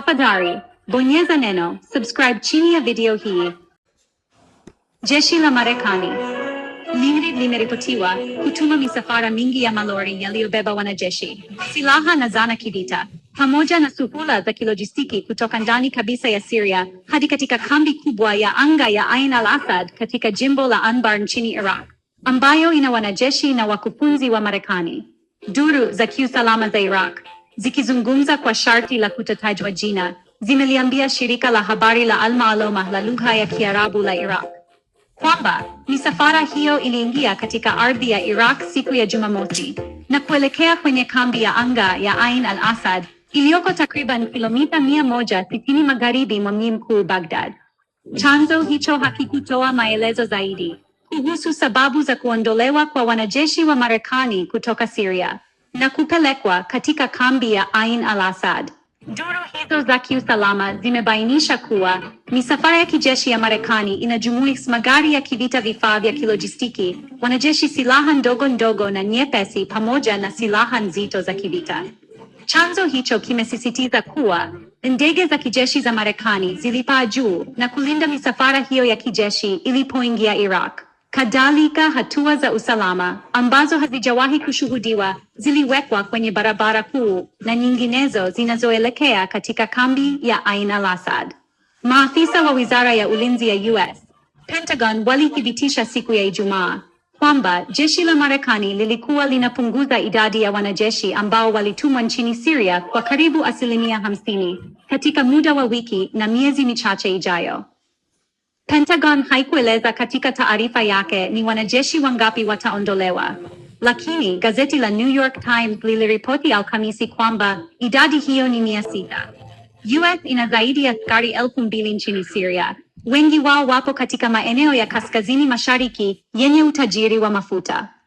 Papadari, bonyeza neno subscribe chini ya video hii. Jeshi la Marekani Ningrid limeripotiwa kutuma misafara mingi ya malori yaliyobeba wanajeshi, silaha na zana kivita pamoja na suhula za kilojistiki kutoka ndani kabisa ya Syria hadi katika kambi kubwa ya anga ya Ain al-Asad katika jimbo la Anbar nchini Iraq, ambayo ina wanajeshi na wakufunzi wa Marekani. Duru za kiusalama za Iraq zikizungumza kwa sharti la kutatajwa jina, zimeliambia shirika la habari la Al-Maaloma la lugha ya Kiarabu la Iraq kwamba misafara hiyo iliingia katika ardhi ya Iraq siku ya Jumamosi na kuelekea kwenye kambi ya anga ya Ain al-Asad iliyoko takriban kilomita 16 magharibi mwa mji mkuu bagdad Chanzo hicho hakikutoa maelezo zaidi kuhusu sababu za kuondolewa kwa wanajeshi wa Marekani kutoka siria na kupelekwa katika kambi ya Ain al-Asad. Duru hizo za kiusalama zimebainisha kuwa misafara ya kijeshi ya Marekani inajumuisha magari ya kivita, vifaa vya kilojistiki, wanajeshi, silaha ndogo ndogo na nyepesi, pamoja na silaha nzito za kivita. Chanzo hicho kimesisitiza kuwa ndege za kijeshi za Marekani zilipaa juu na kulinda misafara hiyo ya kijeshi ilipoingia Iraq. Kadhalika, hatua za usalama ambazo hazijawahi kushuhudiwa ziliwekwa kwenye barabara kuu na nyinginezo zinazoelekea katika kambi ya Ain al assad Maafisa wa Wizara ya Ulinzi ya US Pentagon walithibitisha siku ya Ijumaa kwamba jeshi la Marekani lilikuwa linapunguza idadi ya wanajeshi ambao walitumwa nchini Syria kwa karibu asilimia hamsini katika muda wa wiki na miezi michache ijayo. Pentagon haikueleza katika taarifa yake ni wanajeshi wangapi wataondolewa, lakini gazeti la New York Times liliripoti Alhamisi kwamba idadi hiyo ni mia sita. US ina zaidi ya askari elfu mbili nchini Syria. Wengi wao wapo katika maeneo ya kaskazini mashariki yenye utajiri wa mafuta.